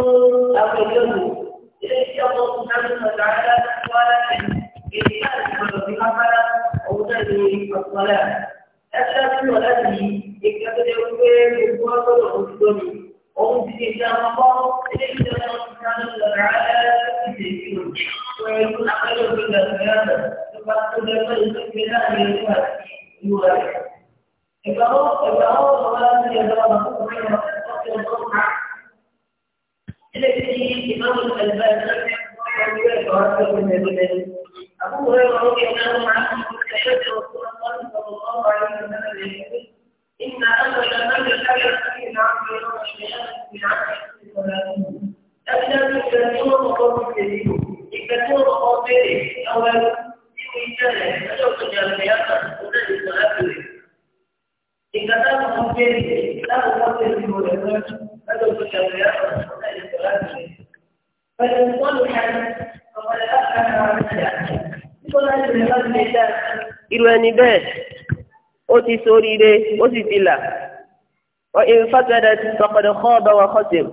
أو اليد إليه الله سبحانه وتعالى قال إنسان بقبل أوتني الصلاة أشهد والذي اكتب يومين بالقوة والحسن أوتي إلى الله إليه الله سبحانه وتعالى يسجد ويكون أقل من القيامة فقد تدخل الكلام يوم يوم إبراهيم إبراهيم الله سبحانه وتعالى التي إمام أبو هريرة رضي الله عنه استشهد رسول الله صلى الله عليه وسلم يقول إن أول من الحجر في العبد يوم القيامة من عمل صلاته أبدا كثيرا مقابله كثيرا مقابله أول في مثاله أجل في القيامة وذلك صلاته إن كثيرا مقابله لا مقابله في مدرسة أجل في القيامة irú ẹni bẹ́ẹ̀ ó ti ṣoríire ó sì ti là wọ́n ìfọ́tẹ́dẹ́ ti sọ̀kọ̀dọ̀ kọ́ ọ̀bẹ wọn kọ́ tèm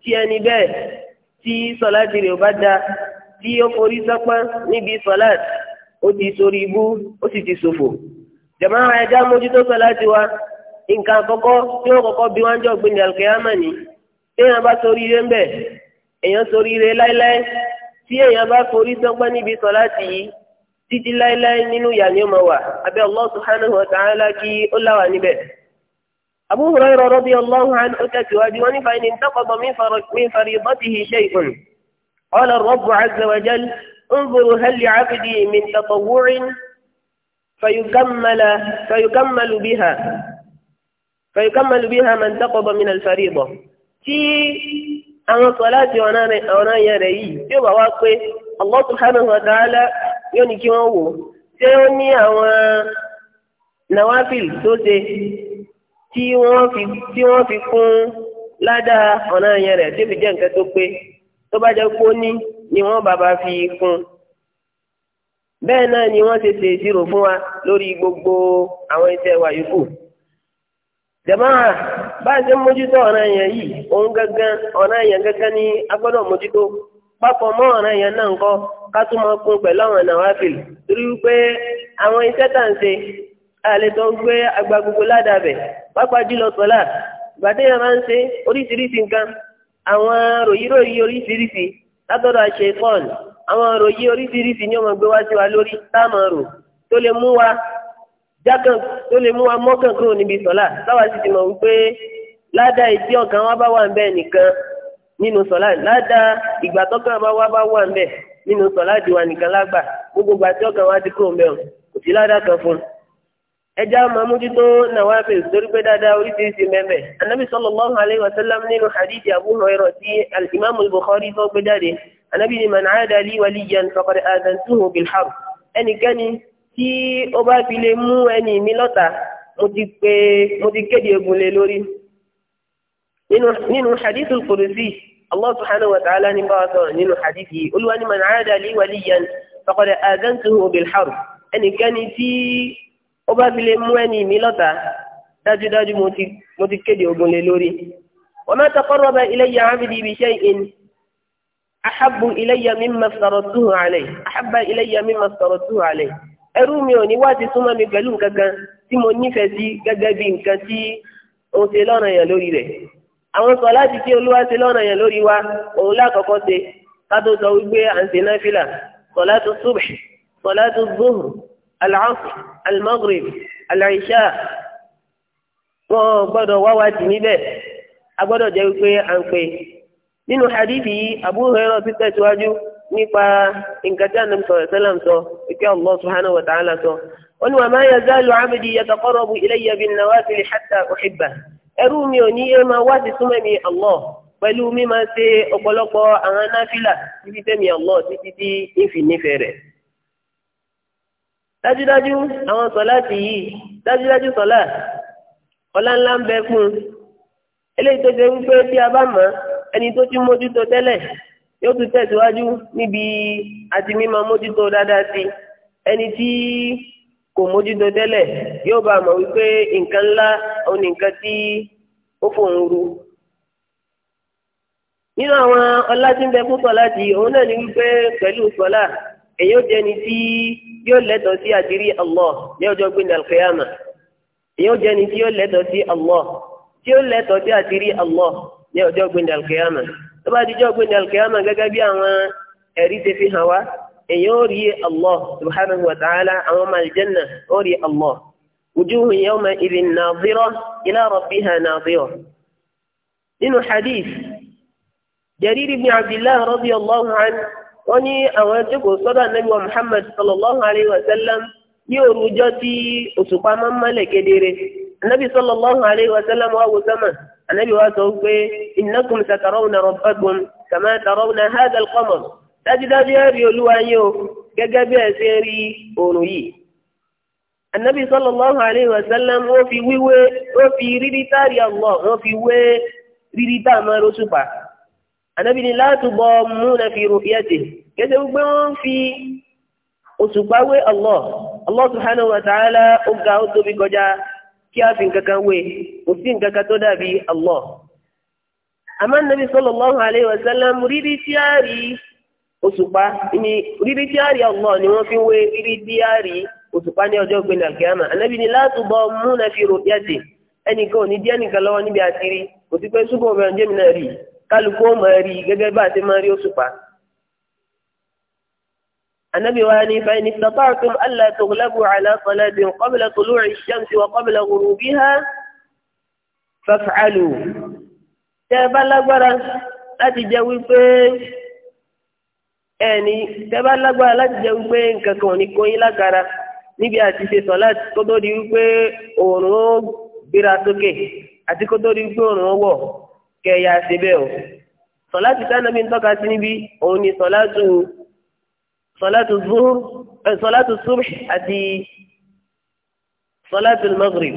tí ẹni bẹ́ẹ̀ tí sọ̀láàtì rẹ̀ bá da tí ó forí sọ́pọ́n níbi sọ̀láàtì ó ti ṣorí ibú ó sì ti ṣòfò jàmá ẹja mójútó sọ̀láàtì wa nǹkan àkọ́kọ́ tí ó kọ́kọ́ bí wọ́n jọ gbìn alkiyama ni téèyàn bá ṣoríire ń bẹ̀ èèyàn ṣoríire láéláé tí èèyàn bá forí sọ́pọ́n níbi sọ̀láàtì yìí títí láéláé nínú ìyà ni ó máa wà abẹ́ Allah subhanahu wa ta'ala kí ó láwà níbẹ̀. Abu Hurairah radiyallahu anhu ó tẹ̀síwájú wọn nípa ẹni taqada min faridatihi shay'un. Qala ar-Rabb 'azza wa jal انظروا هل لعبدي من تطوع فيكمل فيكمل بها فيكمل بها من تقض من الفريضة tí àwọn sọ láti ọ̀nà yẹn rẹ̀ yìí tí ó bá wá pé Allah subhanahu wa ta'ala yóò ní kí wọ́n wò ó ṣé ó ní àwọn nawafil tó ṣe tí wọ́n fi tí wọ́n fi kún ládàá ọ̀nà yẹn rẹ̀ tó fi jẹ́ nǹkan tó pé tó bá jẹ́ kó ní ni wọ́n bàbá fi kún bẹ́ẹ̀ náà ni wọ́n ṣe ṣe ìṣirò fún wa lórí gbogbo àwọn iṣẹ́ wa yòókù jàmáà bá a ṣe mójútó ọ̀nà yẹn yìí òun gángan ọ̀nà yẹn gángan ni a gbọ́dọ̀ mójútó papọ̀ mọ́ ọ̀ràn yẹn náà ńkọ́ ká tún mọ́ kún pẹ̀lú àwọn nàwáfìlì torí wípé àwọn iṣẹ́ tà ń ṣe àlètò gbé àgbà gbogbo ládàbẹ̀ pápá jùlọ sọ́lá ìgbàdé yẹn máa ń ṣe oríṣiríṣi nǹkan àwọn ròyìnròyìn oríṣiríṣi látọ̀dọ̀ àṣẹ fọ́ọ̀n àwọn ròyìn oríṣiríṣi ni ó máa gbé wá sí wa lórí táwọn rò tó lè mú wa jákàn tó lè mú wa mọ́kàn kúrò níbi sọ́lá táwa sì ti mọ̀ wípé ládàá nínú sọlá ládàá ìgbà tọ́kàn bá wá bá wà ń bẹ̀ nínú sọlá ìdíwà nìkan lágbà gbogbo ìgbà tí ọkàn wa ti kúrò ń bẹ̀ kò sí ládàá kan fún un. ẹja máa mójútó nàwa bẹ̀ torí pé dáadáa oríṣiríṣi mẹ́mẹ́ anabi sallallahu alayhi wa sallam nínú hadith abu hurairah ti al-imam al-bukhari tó jáde anabi ni man aada li waliyan faqad adantuhu bil harb ẹnikẹ́ni tí ó bá fi lè mú ẹni mi lọ́ta mo ti pé mo ti kéde egun lé lórí nínú hadith al Allah subhanahu wa ta'ala ní bá wa sọ̀rọ̀ nínú hadithi olúwa ní man aada li waliyan faqad aazantuhu bil harb ẹnikẹ́ni tí ó bá fi lè mú ẹni mi lọ́ta dájúdájú mo ti kéde ogun lé lórí. wa ma taqarraba ilayya abdi bi shay'in ahabbu ilayya mimma aftaratuhu alayhi ahabba ilayya mimma aftaratuhu alayhi ẹrú mi ò ní wá ti súnmọ́ mi pẹ̀lú nǹkan kan tí mo nífẹ̀ẹ́ sí gẹ́gẹ́ bí nǹkan tí òun ṣe lọ́ranyàn lórí rẹ̀ àwọn sọ láti kí olúwa ṣe lọ́nà yẹn lórí wa òun lákọ̀ọ́kọ́ ṣe kátó sọ wípé à ń ṣe náfìlà sọ̀látù subh sọ̀látù zuhur al-asr al-maghrib al-isha wọn gbọ́dọ̀ wáwádìí níbẹ̀ a gbọ́dọ̀ jẹ́ wípé à ń pè nínú hadithi yìí Abu Hurairah ti tẹ̀síwájú nípa nǹkan tí Ànábì sallallahu alaihi wasallam sọ ìpè Allah subhanahu wa ta'ala sọ. wọ́n ní wa ma yazalu abdi yataqarrabu ilayya bin nawafil hatta uhibbahu ẹrú mi ò ní yéé máa wá sí súnmọ́ mi Allah pẹ̀lú mi máa ṣe ọ̀pọ̀lọpọ̀ àwọn náfìlà títí tẹ̀mí Allah títí tí ìfì nífẹ̀ẹ́ rẹ̀. dájúdájú àwọn sọlá ti yìí dájúdájú sọlá ọlá ńlá ń bẹ fún un eléyìí tó ṣe wípé bí a bá mọ̀ ẹni tó ti mójútó tẹ́lẹ̀ yóò tún tẹ̀síwájú níbi àti mímọ mójútó dáadáa sí ẹni tí. kò mójútó tẹ́lẹ̀ yóò bá a mọ̀ wípé nǹkan ńlá òun n'ǹkan tí ó fòun ru. nínú àwọn ọlá tí ń bẹ fún sọlá náà ni wípé pẹ̀lú sọlá èyí ó jẹni tí yóò lẹ́tọ̀ọ́ sí àdírí ní ọjọ́ ní èyí ó jẹni tí yóò lẹ́tọ̀ọ́ sí tí yóò lẹ́tọ̀ọ́ sí àdírí ní ọjọ́ ní tó bá ní gẹ́gẹ́ bí àwọn ẹ̀rí ti èyàn ó rí allah subhanahu wa ta'ala àwọn ọmọ aljanna ó rí allah wujuhun yawma idhin nadhira ila rabbiha nadhira nínú hadith jarir ibn abdillah radiyallahu anhu wọ́n ní àwọn ẹjọ́kọ̀ sọ́dọ̀ anabi wa muhammad sallallahu alayhi wa sallam ní òrùjọ́ tí òṣùpá máa ń mọ́lẹ̀ kedere anabi sallallahu alayhi wa sallam wà wò sánmà anabi sọ pé innakum satarawna rabbakum kama tarawna hadha al dájúdájú ẹ rí olúwa yín o gẹ́gẹ́ bí ẹ ṣe rí oòrùn yìí anabi sallallahu alayhi wa sallam wọ́n fi wíwé wọ́n fi rírí táàrí Allah wọ́n fi wé rírí tá a máa lóṣùpá anabi ni láti bọ múna fi ru'yati gẹ́gẹ́ gbogbo wọ́n fi òṣùpá wé Allah Allah subhanahu wa ta'ala ó ga ó tóbi kọjá kí a fi nǹkan kan wé kò sí nǹkan kan tó dàbí Allah àmọ́ anabi sallallahu alayhi wa sallam òṣùpá ní rírí díárì Allah ni wọ́n fi wé rírí díárì òṣùpá ní ọjọ́ gbẹ̀nà kíámà ànábì ni látùbọ̀ múna fi rò bíàtì ẹnìkan ò ní díẹ̀ nìkan lọ́wọ́ níbi àtìrí kò sí pé ṣùgbọ́n ọ̀bẹ ọ̀jẹ́ mi náà rí kálukú ó máa rí gẹ́gẹ́ bá a ti máa rí òṣùpá. ànábì wa ni fa in istata'tum alla tughlabu ala salatin qabla tulu'i shamsi wa qabla ghurubiha faf'alu tẹ́ ẹ bá lágbára láti jẹ́ ẹni tẹ́bá lágbára láti jẹ́ wípé nǹkan kan ò ní kóyin lágara níbi àti ṣe sọ láti kó tó di wípé òòrùn ó gbéra sókè àti kó tó di wípé òòrùn ó wọ̀ kẹ̀yà ṣe bẹ́ẹ̀ o sọláàtì tánàbí ń tọ́ka sí níbi òun ni sọláàtù sọláàtù zuhur sọláàtù subh àti sọláàtù maghrib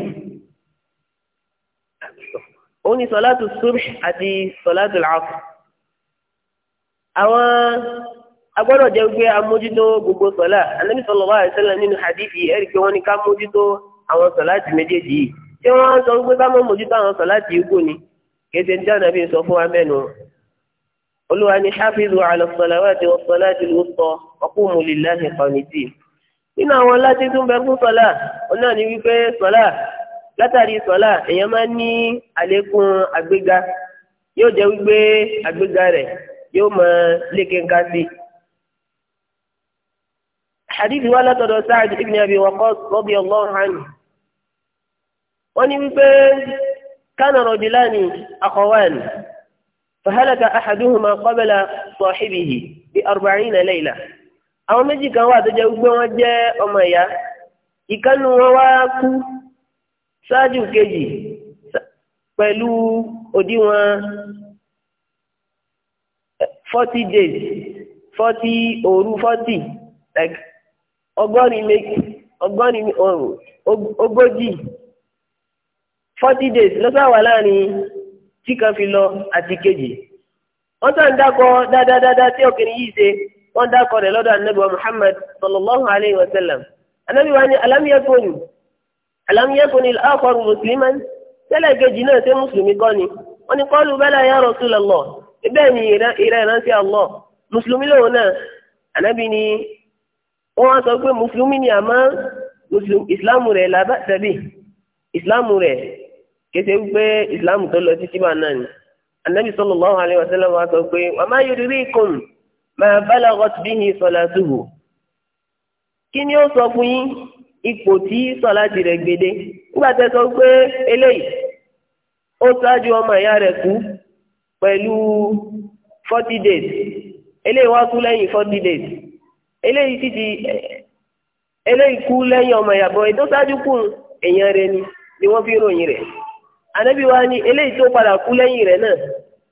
òun ni sọláàtù subh àti sọláàtù al àwọn agbọ́dọ̀ jẹ́ pé a mójútó gbogbo sọ̀lá anabi sallallahu alaihi wasallam nínú hadithi ẹ̀rí pé wọ́n ní ká mójútó àwọn sọ̀lá ti méjèèjì yìí ṣé wọ́n sọ pé ká mọ́ mójútó àwọn sọ̀lá ti igbó ni kéde ní dáná bí n sọ fún wa mẹ́nu olúwa ní hafizu ala salawati wa salati al-wusta wa qumu lillahi qanitin nínú àwọn láti tún bẹ fún sọ̀lá òun náà ní wípé sọ̀lá látàrí sọ̀lá èèyàn máa ń ní àlékún àgbéga yóò jẹ́ wípé àgbéga rẹ̀ yóò máa lékeǹká sí i حديث ولا látọ̀dọ̀ سعد ibn Abi وقاص radiyallahu الله عنه. ní كان kana rajulani فهلك fahalaka قبل صاحبه sahibihi bi arba'ina layla àwọn méjì kan wà tó jẹ́ wípé wọ́n jẹ́ pẹ̀lú òdiwọ̀n forty days forty òru forty like ọgọ́rin méjì ọgọ́rin ogójì forty days lọ́sàn wà láàrin tí kan fi lọ àti kejì wọ́n sàn dákọ̀ dáadáa tí ọkùnrin yìí ṣe wọ́n dákọ̀ rẹ̀ lọ́dọ̀ anabi wa muhammad sallallahu alayhi wa sallam anabi wa ni alamiyakoni alamiyakoni al-akhar musliman tẹ́lẹ̀ kejì náà ṣe mùsùlùmí kọ́ ni wọ́n ní qalu bala ya rasulallah bẹ́ẹ̀ ni ìrẹ́ ìránṣẹ́ allah mùsùlùmí lòun náà anabi ni wọ́n wá sọ pé mùsùlùmí ni àmọ́ ìsìláàmù rẹ̀ làbá tẹ̀lé ìsìláàmù rẹ̀ kété wípé ìsìláàmù tó lọ títí bá náà ni anabi sallallahu alayhi wa sallam wa sọ pé wa ma yudrikum ma balagat bihi salatuhu kí ni ó sọ fún yín ipò tí sọláàtì rẹ̀ gbede nígbà tẹ́ sọ pé eléyìí ó ṣáájú ọmọ ìyá rẹ̀ kú pẹ̀lú forty days eléyìí wá kú lẹ́yìn forty days eléyìí ti di eléyìí kú lẹ́yìn ọmọ ìyàbọ̀ ètò ṣáájú kù èèyàn rẹ ni ni wọ́n fi ròyìn rẹ̀ ànábì wa ni eléyìí tó padà kú lẹ́yìn rẹ̀ náà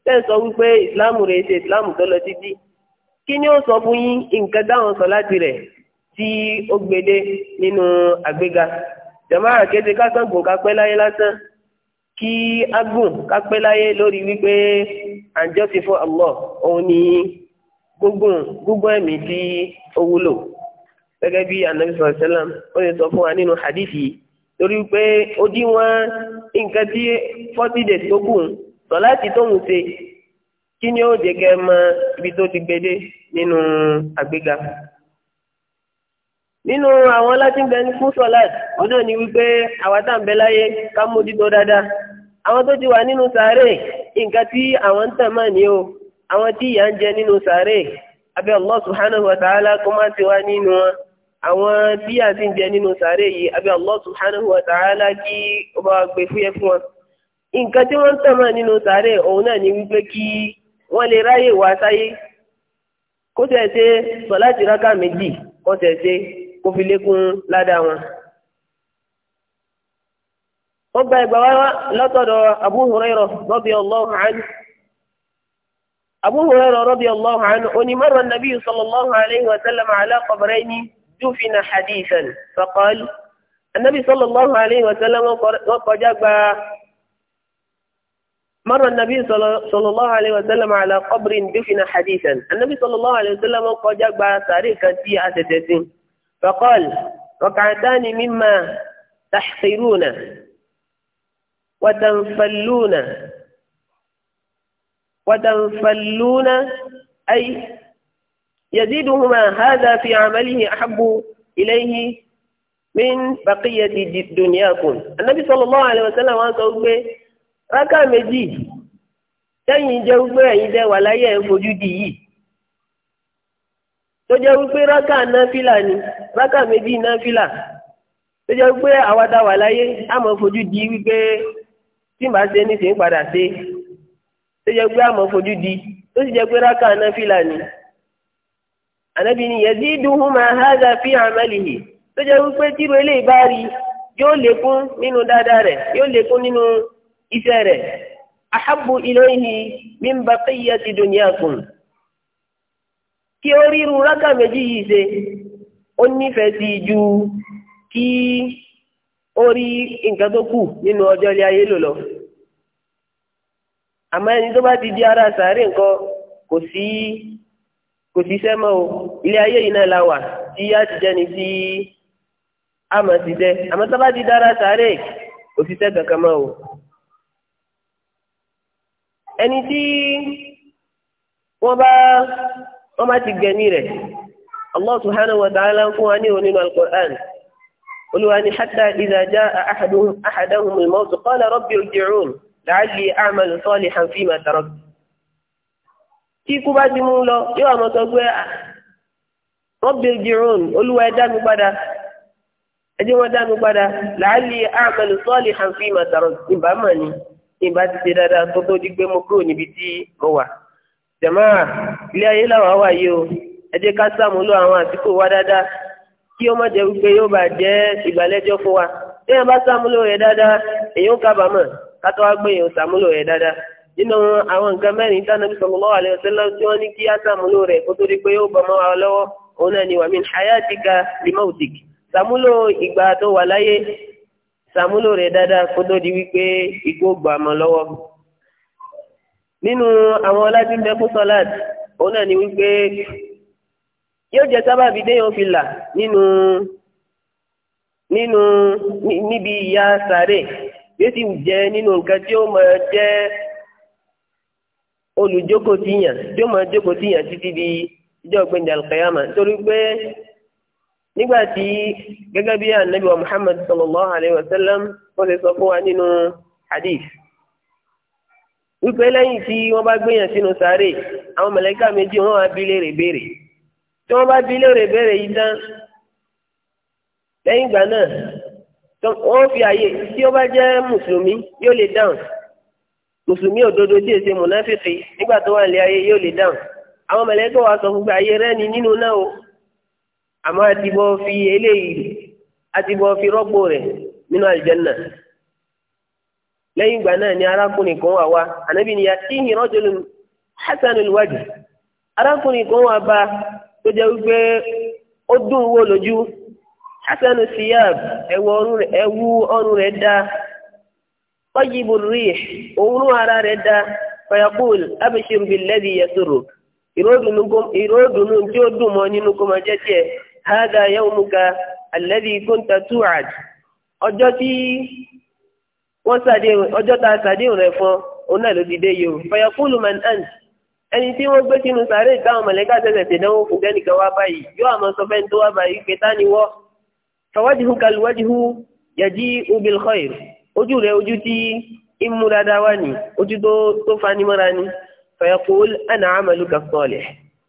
tẹ́ sọ wípé ìsìláàmù rẹ̀ ṣe ìsìláàmù tó lọ títí kí ni ó sọ fún yín nǹkan dáhùn sọ láti rẹ̀ tí ó gbede nínú àgbéga jàmáà kété kásán gùn kápẹ́ láyé lásán kí á gùn kápẹ́ láyé lórí wípé à ń jọ́sìn fún Allah òun nìyí gbogbo gbogbo ẹ̀mí tí ó wúlò gẹ́gẹ́ bí anabi sọ̀rọ̀ sẹ́lẹ̀m ó lè sọ fún wa nínú hadithi torí pé ó dín wọn nǹkan tí forty days tó kù sọ láti tóun ṣe kí ni ó jẹ́ kẹ́ mọ ibi tó ti gbede nínú àgbéga nínú àwọn láti ń bẹ fún sọláàtì wọn náà ni wípé àwa tá à ń bẹ láyé ká mójútó dáadáa àwọn tó ti wà nínú sàárè nǹkan tí àwọn ń tàn máa ní o àwọn tí ìyà ń jẹ nínú sàárè abẹ́ Allah subhanahu wa ta'ala kó má ti wá nínú wọn àwọn tí ìyà ti ń jẹ nínú Allah subhanahu wa ta'ala kí ó bá gbé fúyẹ́ fún wọn. nǹkan tí wọ́n ń nínú sàárè òun náà ni wípé kí wọ́n lè ráyè wá sáyé kó tẹ̀ ṣe sọ̀láàtì rákà méjì kó tẹ̀ ṣe أبو هريرة رضي الله عنه أن مر النبي صلى الله عليه وسلم على قبرين دفن حديثا فقال النبي صلى الله عليه وسلم وقجاب مر النبي صلى الله عليه وسلم على قبر دفن حديثا النبي صلى الله عليه وسلم وقجاب تاريخا في أسدتين فقال ركعتان مما تحقرون وتنفلون وتنفلون أي يزيدهما هذا في عمله أحب إليه من بقية دنياكم النبي صلى الله عليه وسلم sọ pé rákà méjì tẹ́yìn jẹ́ wípé ẹ̀yin jẹ́ wà láyé ẹ̀ fojú di yìí tó jẹ́ wípé rákà náfìlà ni rákà méjì náfìlà tó jẹ́ wípé àwa tá wà láyé àmọ́ fojú di wípé tí màá ṣe ní ṣe ń padà ṣe tó jẹ́ pé fojú di tó sì jẹ́ pé rákà náfìlà ni ànábì ni yaziduhuma haza fi amali tó jẹ́ pé tíro eléyìí bá rí yóò lékún nínú ninu rẹ̀ yóò lékún nínú iṣẹ́ rẹ̀ ahabbu ilayhi min baqiyati dunyakum kí ó ríru rákà méjì yìí ṣe ó nífẹ̀ẹ́ sí ju kí ó rí nǹkan tó kù nínú ọjọ́ ilé ayé lò lọ. àmọ́ ẹni tó bá ti di ara sàárè nǹkan kò sí kò sí iṣẹ́ mọ́ o ilé ayé yìí náà la wà tí a ti jẹ́ni tí a mọ̀ sí jẹ́ àmọ́ tó bá ti dára sàárè kò sí iṣẹ́ kankan mọ́ o. ẹni tí wọ́n bá wọ́n bá ti gbẹ̀mí rẹ̀ Allah subhanahu wa ta'ala fún wa ní onínú al-Qur'an olùwà ni hatta idha jaa ahaduhum al-mawt qala làálì àmàlù sọ́ọ̀lì hànfì mà tàrọ̀. tí ikú bá ti mú lọ yóò àmọ́ sọ pé wọ́n bẹ jìrún olúwa ẹ dá mi padà ẹ jẹ́ wọ́n dá mi padà làálì àmàlù sọ́ọ̀lì hànfì mà tàrọ̀ ìbá mà ni ìbá ti ṣe dáadáa tó tó di pé mo kúrò níbi tí mo wà. jàmá ilé ayé làwọn wà yìí o ẹ ká sàmúlò àwọn àsìkò wa dáadáa kí ó má jẹ́ wípé yóò bàjẹ́ ìgbàlẹ́jọ́ fún wa. bí wọ́n bá sàmúlò rẹ̀ dáadáa èèyàn kábàámọ̀ kátó wá gbé yẹn sàmúlò rẹ̀ dáadáa nínú àwọn nǹkan mẹ́rin tánàbí sallallahu alaihi wasallam tí wọ́n ní kí á sàmúlò rẹ̀ kó tó di pé ó bọ̀mọ́ wa lọ́wọ́ òun náà ni wa min hayatika limautik sàmúlò ìgbà tó wà láyé sàmúlò rẹ̀ dáadáa kó tó di wípé ikú gbà mọ́ lọ́wọ́ nínú àwọn láti bẹ fún sọláàt òun náà ni wípé yóò jẹ sábàbí déyàn fi là nínú nínú níbi ìyà sàréè yóò sì jẹ́ nínú nǹkan tí ó máa jẹ olùjókòó yàn tí ó máa jókòó yàn títí di ìjọ ìpínlẹ alqiyama torí pé nígbà tí wa muhammad sallallahu alayhi wa sallam wọ́n lè sọ hadith wípé lẹ́yìn tí wọ́n bá gbéyàn sínú sáré àwọn mọ̀lẹ́kà méjì wọ́n wá bí léèrè béèrè tí bá bí léèrè béèrè yìí ó fi àyè tí ó bá jẹ́ mùsùlùmí yóò lè dáhùn mùsùlùmí òdodo tí èsè mùnáfíkì nígbà tó wà ní ayé yóò lè dáhùn àwọn mẹlẹkẹ wa sọ fún gbà ayé rẹ ni nínú náà o àmọ́ àti bọ fi eléyìí àti bọ fi rọpò rẹ nínú àlùjánnà lẹ́yìn ìgbà náà ni arákùnrin kan wà wá ànábì ni yàtí rajulun hasanul wajh arákùnrin kan wà bá tó jẹ wípé ó dùn wò lójú hasanu siyab ẹwu ọrụ rẹ̀ dá tọ́jìbù rìh òórùn ara fayakul abishiru bilẹ́dì yẹsùrù ìròdùnú tí o dùn mọ́ nínú kó hada yawmuka alẹ́dì a sàdéhùn rẹ̀ fún òun náà ló ti o fayakul man ant ẹni tí wọ́n gbé sínú فوجهك الوجه يجيء بالخير ojú rẹ ojú tí imú dáadáa wá ní ojú tó tó fanimọ́ra ní fayaqul ana amaluka salih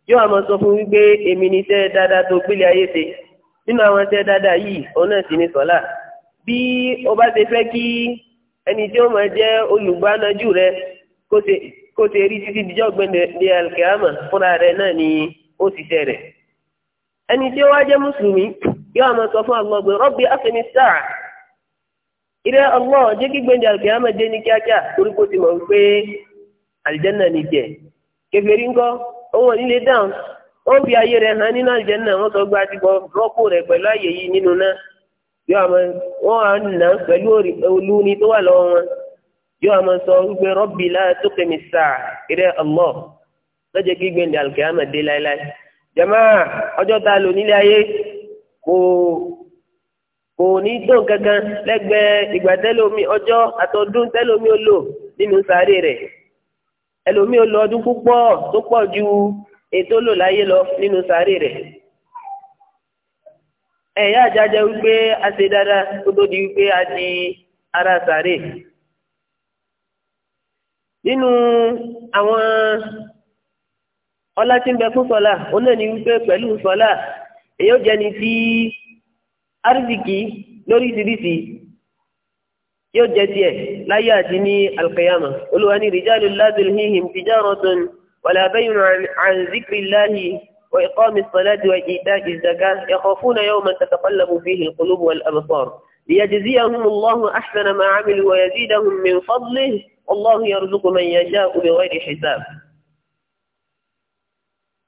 yóò àmọ́ sọ fún wípé èmi ní iṣẹ́ dáadáa tó gbélé ayé ṣe nínú àwọn iṣẹ́ dáadáa yìí òun náà sì ní sọ́lá bí o bá ṣe fẹ́ kí ẹni tí ó máa jẹ́ olùgbànájú rẹ kó ṣe rí títí dijọ́ gbẹ̀ndẹ̀ alkiyama fúnra rẹ náà ni ó ṣiṣẹ́ rẹ̀ ẹni tí ó wá jẹ́ mùsùlùmí yóò máa sọ fún Allah pé Rabbi afẹ́mi ilé Allah jẹ́ kí gbẹ̀ndẹ̀ àlùkìyámà dé ní kíákíá torí kó ti mọ̀ wípé àlìjẹ́nà ni jẹ́ kèfèrí ńkọ́ òun ò dáhùn fi ayé hàn nínú àlìjẹ́nà sọ gba rọ́pò pẹ̀lú àyè yìí nínú náà á nà pẹ̀lú tó wà sọ wípé ilé kò kò ní tó kankan lẹ́gbẹ̀ẹ́ ìgbà tẹ́lómi ọjọ́ àtọdún tẹ́lómi ó lò nínú sáré rẹ̀ ẹlòmí ó lò ọdún púpọ̀ tó pọ̀ ju ètò lò láyé lọ nínú sáré rẹ̀ ẹ̀yà àjájẹ wípé a ṣe dáadáa kó tó di wípé a di ara sáré nínú àwọn ọlá tí ń bẹ fún sọlá ó náà ní wípé pẹ̀lú sọlá èyí ó jẹni tí arziki lórí ìsirísi yóò jẹ tiẹ̀ láyé àti ní alqiyama olúwa ní rìjálù ládùn híhìm tijaratun wàlẹ abẹyìn an zikrillahi wa iqamis salati wa ita'i zakah yakhafuna yawman tataqallabu fihi alqulub wal absar ليجزيهم الله أحسن ما عملوا ويزيدهم من فضله والله يرزق من يشاء بغير حساب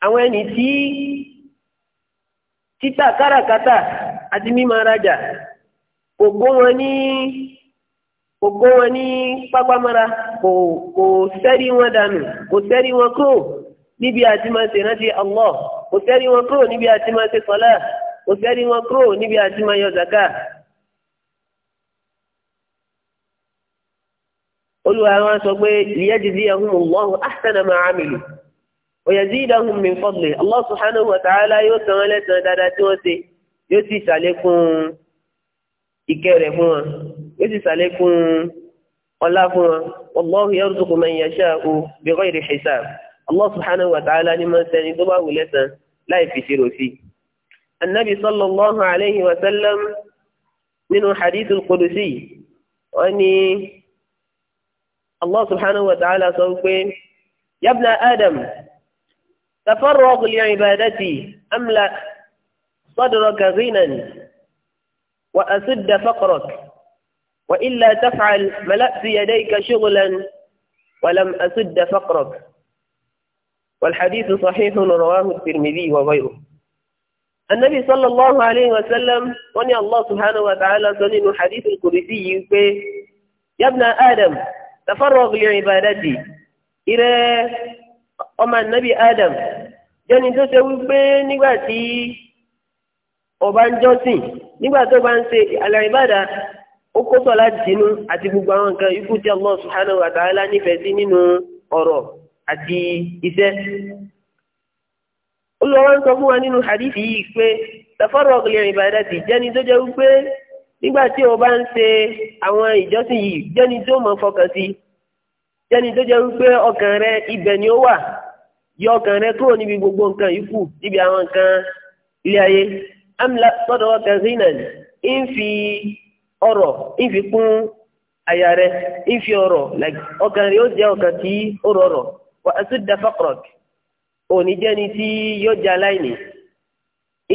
àwọn ẹni tí títà káràkátà àti mímọ rajà kò gbó wọn ní kò gbó wọn ní pápámọ́ra kò kò sẹ́rí wọn dànù kò sẹ́rí wọn kúrò níbi àti máa ṣe rántí Allah kò sẹ́rí wọn kúrò níbi àti máa ṣe sọ́lá kò sẹ́rí wọn kúrò níbi àti máa yọ zaka. olùwà wọn sọ pé ìyá jìjì yahoo Allahu ahsana ma amilu. ويزيدهم من فضله الله سبحانه وتعالى يوتن لتن داداتوتي يوتي سالكون ìkẹrẹ fún wọn yóò sì ṣàlékún ọlá fún wọn wallahu yarzuqu man yasha'u bighayri hisab allah subhanahu wa ta'ala ni máa ń sẹni tó bá wù lẹ́san láì fi ṣírò sí. annabi sallallahu alayhi wa sallam nínú hadith al-qudusi wọn ni allah subhanahu wa ta'ala sọ pé yabna adam تفرغ لعبادتي أملأ صدرك غنى وأسد فقرك وإلا تفعل ملأت يديك شغلا ولم أسد فقرك والحديث صحيح رواه الترمذي وغيره النبي صلى الله عليه وسلم وني الله سبحانه وتعالى سنين الحديث القدسي يا ابن آدم تفرغ لعبادتي إلى ọmọ Adam jẹ́ni tó ṣe wípé nígbà tí ọba ń jọ́sìn nígbà tó bá ń ṣe al-ibada ó kó àti gbogbo àwọn nǹkan ikú tí Allah subhanahu wa ta'ala nífẹ̀ẹ́ sí nínú ọ̀rọ̀ àti iṣẹ́. olùwà ń sọ fún wa nínú hadith yìí pé ọba ń ṣe àwọn ìjọ́sìn jẹ́ni tó jẹ́ wípé ọkàn rẹ ibẹ̀ ni ó wà yọ ọkàn rẹ kúrò níbi gbogbo nǹkan yìí kù níbi àwọn nǹkan ilé ayé amla sọ́dọ̀ ọkàn zinan ń fi ọ̀rọ̀ ń fi kún àyà rẹ ń fi ọ̀rọ̀ ọkàn rẹ yóò jẹ́ ọkàn tí ó rọrọ̀ wà á sì dafa òní jẹ́ni tí yóò jẹ́ aláìní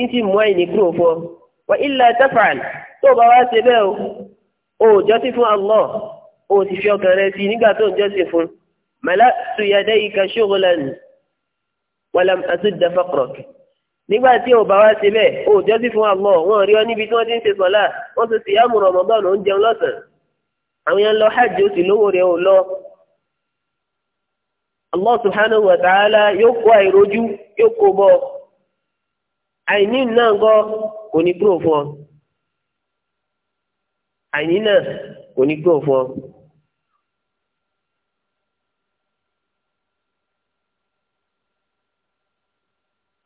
ń sì mú àìní kúrò fún wà ilà tafàl tó o bá wá ṣe bẹ́ẹ̀ o ò jọ́sí fún Allah. o ti fi ọkàn rẹ sí nígbà tó ń jọ́sìn fún mala'tu yadayka shughlan wa lam asudda nígbà tí o jọ́sìn fún Allah wọn rí ọ níbi tí wọ́n ti ń ṣe sọ́lá wọ́n ti sì àwọn yẹn lọ hajj ó sì lówó ò subhanahu wa ta'ala yóò kó àìrójú yóò kó àìní náà kò ní kúrò fún ọ àìní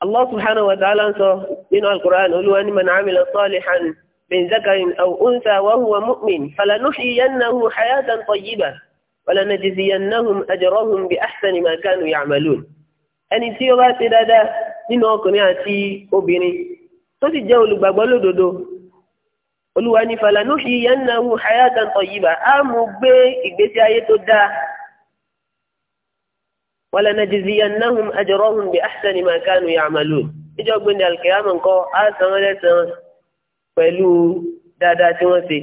Allah subhanahu wa ta'ala ń sọ nínú al-Qur'an olúwa ní man 'amila salihan min zakarin aw unsa wa huwa mu'min falanuhyiyannahu hayatan tayyibah walanajziyannahum ajrahum bi ahsani ma kanu ya'malun ẹni tí ó bá ṣe dáadáa nínú ọkùnrin àti obìnrin tó sì jẹ́ olùgbàgbọ́ lódodo olúwa ní falanuhyiyannahu hayatan tayyibah á mú gbé ìgbésí ayé tó dáa ولنجزينهم أجرهم بأحسن ما كانوا يعملون ìjọ́ gbé ní alkiyama ńkọ́ á san wọ́n lẹ́san pẹ̀lú dáadáa tí wọ́n ṣe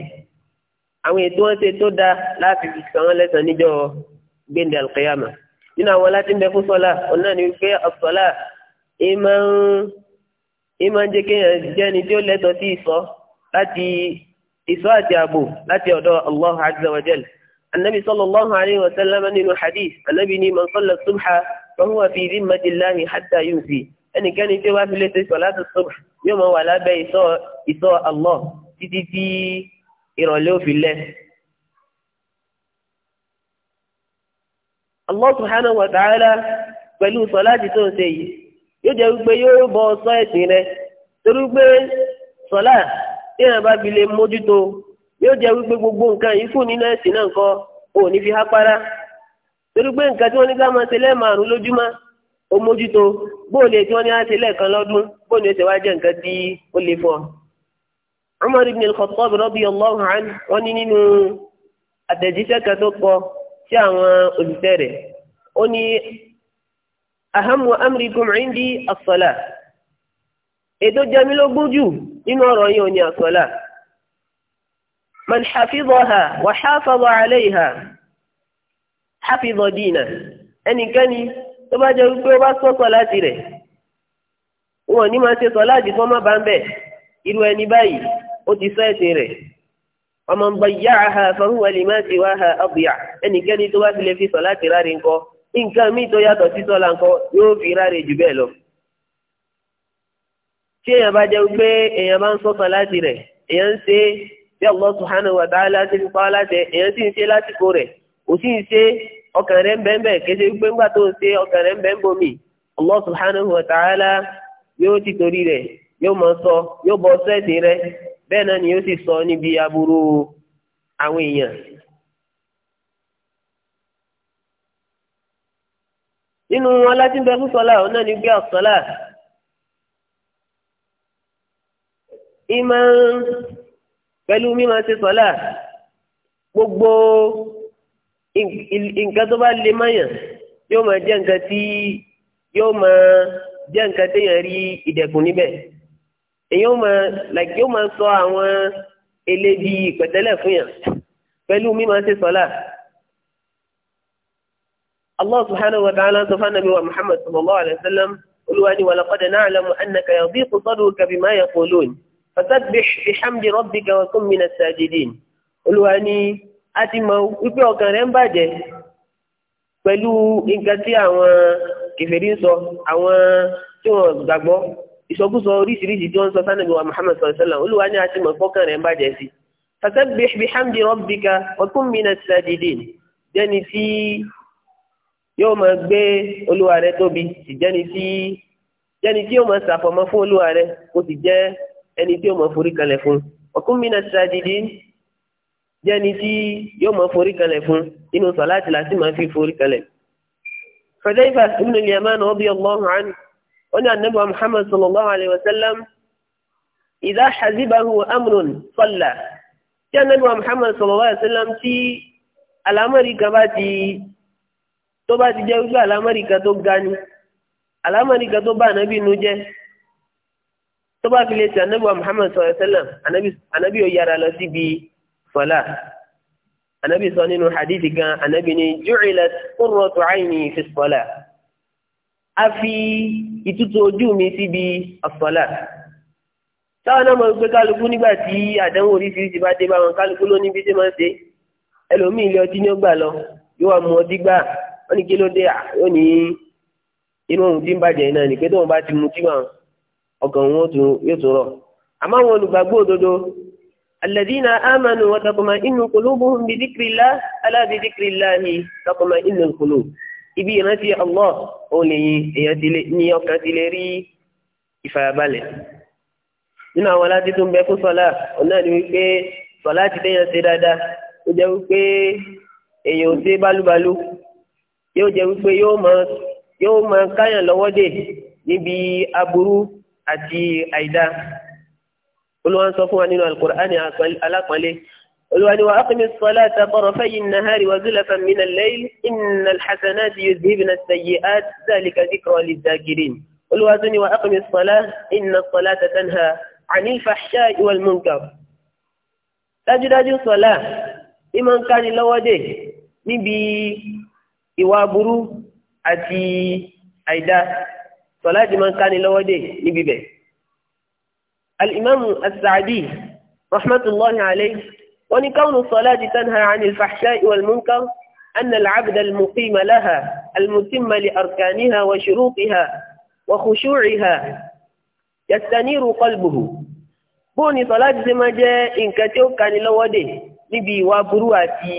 àwọn ètò wọ́n ṣe tó dáa láti fi san wọ́n lẹ́san níjọ́ gbé ní alkiyama nínú àwọn láti ń bẹ fún sọlá ọ̀nà ni wípé ọ̀sọ̀lá ìmọ̀ ń jẹ́ kéèyàn jẹ́ni tí ó lẹ́tọ̀ọ́ sí ìsọ láti ìsọ àti ààbò láti Allah azza wa jalla النبي صلى الله عليه وسلم من حديث النبي من صلى الصبح فهو في ذمة الله حتى يمسي أن كان يتوى في ليلة صلاة الصبح يوم ولا بيسوى يسوى الله تتتي إراليو في الله الله سبحانه وتعالى ta'ala pẹ̀lú sọláàtì tó ń ṣe yìí yóò jẹ́ wípé yóò bọ́ sọ ẹ̀sìn rẹ̀ torí pé sọláà tí èèyàn bá fi lè mójútó yóò jẹ wípé gbogbo nǹkan yìí fún nínú ẹ̀sìn náà o ò ní fi há para torí pé nǹkan tí wọ́n ní ká máa ṣe lẹ́ẹ̀márùn lójúmọ́ ó mójútó bóòlù tí wọ́n ní á ṣe lẹ́ẹ̀kan lọ́dún bóòlù ó ṣe wá jẹ́ nǹkan le ọ. Umar ibn al-Khattab radiyallahu anhu wọ́n ní nínú àtẹ̀jíṣẹ́ kan tó kọ sí àwọn olùfẹ́ rẹ̀ ó ní ahamu jẹmílógún jù nínú yìí ò ní من حفظها وحافظ عليها حفظ دينه أني كاني تبا جاوب وبا صلاة له وأني ما سي صلاة فما بامبه إلو أني باي وتساتره ومن ضيعها فهو لما سواها أضيع أني كاني تبا في صلاة رارنكو إن كان ميتو ياتو سي صلاة يو في راري جبالو tí èèyàn bá jẹ́ pé èèyàn bá ń sọ sàláàtì rẹ̀ èèyàn bí Allah subhanahu wa ta'ala ti fi pa ọ́ èèyàn sì ṣe rẹ̀ ò ṣe ọkàn rẹ̀ ń kéṣe wípé tó ṣe ọkàn Allah subhanahu wa ta'ala yóò ti torí rẹ̀ yóò mọ sọ yóò bọ sẹ́ẹ̀tì rẹ̀ bẹ fún sọlá ọ náà gbé pẹ̀lú mímọ ṣe sọ́lá gbogbo nǹkan tó bá lè mọ̀yàn yóò máa jẹ́ nǹkan tí yóò máa jẹ́ nǹkan ti téèyàn rí ìdẹ̀kùn níbẹ̀ èyàn máa like yóò máa sọ àwọn elébi pẹ̀tẹ́lẹ̀ fún yàn pẹ̀lú mímọ ṣe sọ́lá. الله سبحانه وتعالى صفى النبي محمد صلى الله عليه وسلم قل ولقد نعلم أنك يضيق صدرك بما يقولون fasabbih bihamdi rabbika wa kum minas sajidin olúwa ni a ti mọ wípé ọkàn rẹ̀ ń bàjẹ́ pẹ̀lú nǹkan tí àwọn kèfèrí ń sọ àwọn tí wọn gbàgbọ́ ìsọkúsọ oríṣiríṣi tí wọn sọ sanabi wa muhammad sallallahu alaihi wasallam olúwa ni a mọ fọkàn rẹ̀ ń bàjẹ́ sí fasabbih bihamdi rabbika wa kum minas sajidin jẹ́ni tí yóò máa gbé olúwa rẹ̀ tóbi sì jẹ́ni tí jẹ́ni tí yóò máa ṣàfọ̀mọ́ fún olúwa rẹ̀ kó sì jẹ́ ẹni tí yóò máa forí kalẹ̀ fún ọkùn mi náà ṣáàdìdì jẹ́ ẹni tí yóò máa forí kalẹ̀ fún inú sọ̀láàtì láti máa fi forí kalẹ̀. Hudhayfa ibn al-Yaman radiyallahu anhu wọ́n ní ànábì Muhammad sallallahu alayhi wa sallam idha hazibahu amrun salla tí ànábì Muhammad sallallahu alayhi wa sallam tí alámọ̀rí kan bá ti tó bá ti jẹ́ wípé alámọ̀rí tó ga ni alámọ̀rí tó bá ànábì nu jẹ́ tó bá fi lè ṣe anabi wa muhammad sallallahu alaihi wa sallam anabi yóò yára lọ síbi fọlá anabi sọ nínú hadithi gan anabi ni ju'ilat qurratu ayni fi sọlá a fi ìtutù ojú mi síbi asọlá táwọn náà mọ̀ pé kálukú nígbà tí àdánwò oríṣiríṣi bá dé báwọn kálukú ló ní bí ṣe máa ń ṣe ẹlòmíì ilé ọtí ni ó lọ yóò wá mu ọtí gbà wọn ní kí ló dé à ní inú òun ti ń bàjẹ́ náà ní pé tóun bá ti mu tí wọn ọkàn wọn yóò tún rọ̀ àmọ́ àwọn olùgbàgbọ́ òdodo alladhina amanu wa tatma'innu qulubuhum bi dhikrillah ala bi dhikrillahi tatma'innul qulub ibi ìrántí Allah òun lèyìn èèyàn ti lè ní ọkàn ti lè rí ìfàyàbalẹ̀ nínú àwọn aláti tó ń bẹ fún sọlá òun náà ni wípé sọlá ti déyàn ṣe dáadáa ó jẹ wípé èèyàn ò ṣe bálúbalú yóò jẹ wípé yóò mọ káyàn lọ́wọ́ dè níbi aburú àti àìdá olúwa ń sọ fún wa nínú alukur'ani alápọ̀nlé olúwa ni wa aqimi salata tarafayi nahari wa zulafan min al-layl inna al-hasanati yudhibna as-sayyi'at dhalika dhikra lid-dhakirin olúwa tún ni wa aqimi salata inna salata tanha 'anil fahsha'i wal munkar dájúdájú sọlá ìmọ̀ ń káni lọ́wọ́ dé níbi ìwà burú àti àìdá sọláàtì máa ń ká ni lọ́wọ́ dé níbi bẹ̀. alimami asaadi rahmatulahi alayhi wọn ni káwọn sọláàtì tanha ani alfahsha iwalmunka anna alcabda almuqima laha almutima liarkaniha wa shuruqiha wa khushuciha yastaniru qalbuhu bóun ni sọláàtì ṣe máa jẹ́ nǹkan tí ó ká ni lọ́wọ́ dé níbi ìwà burú àti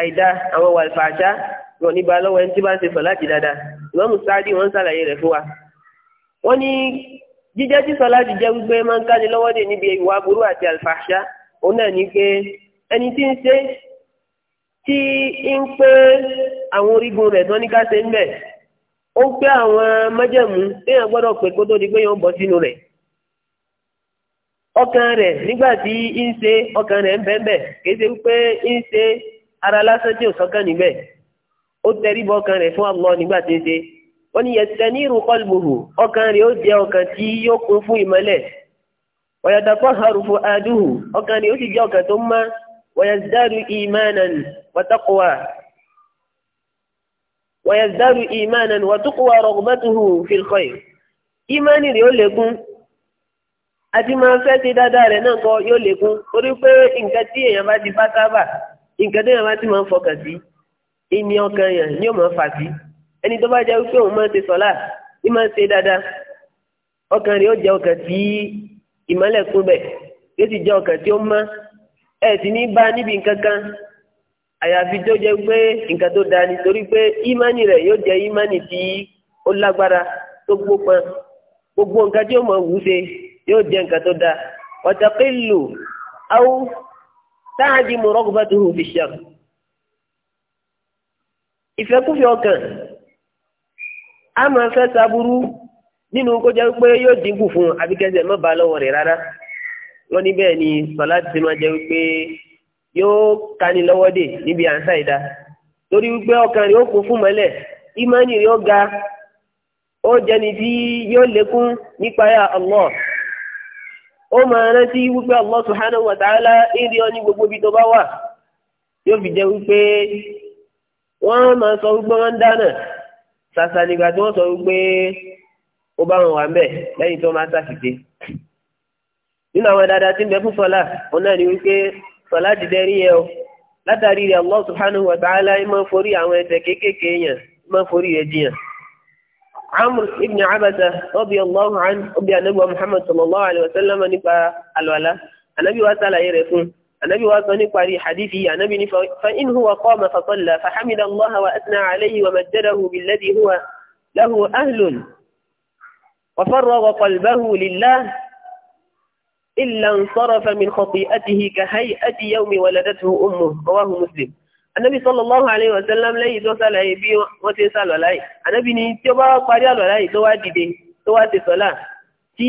àìdá àwọn wàlfàṣá wọn níbà lọ́wọ́ ẹni tí bá ń ṣe sọ̀láàtì dáadáa ìmáàmù sáàdì wọ́n ń ṣàlàyé rẹ̀ fún wa. wọ́n ní jíjẹ́ tí sọ̀láàtì jẹ́ wípé máa ń káni lọ́wọ́ dè níbi ìwà burú àti àlfàṣá òun náà ní pé ẹni tí ń ṣe tí ń pé àwọn orígun rẹ̀ tán ní ká ṣe ń bẹ̀ ó pé àwọn májẹ̀mú téèyàn gbọ́dọ̀ pé kó tó di pé yóò bọ́ sínú rẹ̀ ọkàn rẹ̀ nígbà tí ń ṣe ọkàn rẹ̀ ń bẹ́ẹ̀ bẹ́ẹ̀ kì í ṣe wípé ń ṣe ara lásán tí ò sọ́kàn níbẹ̀ ó tẹrí bọ́ ọkàn rẹ̀ fún Allah nígbà tí ń ṣe wọ́n ní yẹtẹ̀ ní ìrùkọ́ ìgbòho ọkàn rẹ̀ ó jẹ́ ọkàn tí yóò kún fún ìmọ́lẹ̀ wọ̀yàdàpọ̀ harufu adúhù ọkàn rẹ̀ ó sì jẹ́ ọkàn tó má wọ̀yàdàrú ìmánan wàtàkùwà wọ̀yàdàrú ìmánan wàtàkùwà rọ̀gbàtùhù fìlkọ́ì ìmánì rẹ̀ ó lékún àti máa fẹ́ ti dáadáa rẹ̀ náà kọ́ yóò lékún torí pé nǹkan tí èèyàn bá ti bá sábà nǹkan tó yàn bá ti máa ń fọkàn sí ìní ọkàn yàn ni ó máa fà sí ẹni tó bá jẹ́ wípé òun máa ń ṣe sọlá ní máa ń ṣe dáadáa ọkàn ó jẹ ọkàn tí ìmọ́lẹ̀ kún bẹ̀ tí ó mọ́ ẹ̀ sì ní bá níbi nǹkan kan àyàfi tó pé nǹkan tó ni torí pé ìmánì yóò ìmánì gbogbo nǹkan tí ó mọ̀ wù ú ṣe تعدم رغبته في الشر ìfẹ́kúfẹ́ ọkàn a máa fẹ́ saburú nínú kó jẹ́ pé yóò dínkù fún abikẹ́sẹ̀ má ba lọ́wọ́ rẹ̀ rárá wọ́n ní ni sọláàtì ti máa jẹ́ pé yóò kani lọ́wọ́ dè níbi àǹsà ìdá torí ọkàn rẹ̀ ó kún fún mọ́lẹ̀ ga ó jẹ́ni tí yóò lékún nípa Allah ó máa rántí wípé Allah subhanahu wa iri ìdí ọ ní gbogbo ibi tó bá wà yóò fi jẹ́ wípé wọ́n máa sọ wípé wọ́n ń dáná ṣàṣà nígbà tí wọ́n sọ wípé ó bá wọn wà ń bẹ̀ tí wọ́n máa ṣàṣìṣe nínú àwọn dáadáa tí ń bẹ fún sọlá náà o látàrí Allah subhanahu wa ta'ala máa forí àwọn ẹ̀ṣẹ̀ kéékèèké yẹn forí jiyàn. amr ibn abasa radiyallahu anhu ọbẹ̀ anábíwá muhammad sallallahu alayhi wa sallam nípa alwala anábíwá sàlàyé rẹ̀ fún anábí wa sọ nípa rí hadithi anábí ní fa'in huwa qama fa salla fa hamida allaha wa asna alayhi wa majjadahu billadhi huwa lahu ahlun wa farraga qalbahu lillah illa ansarafa min khati'atihi ka hay'ati yawmi waladatuhu ummuhu rawahu muslim anabi sallallahu alayhi wa sallam lẹ́yìn tó sàlàyé bí wọ́n ti sàlọlá yìí anabi ni tí ó bá parí àlọlá yìí tó wá dìde tó wá ti sọlá tí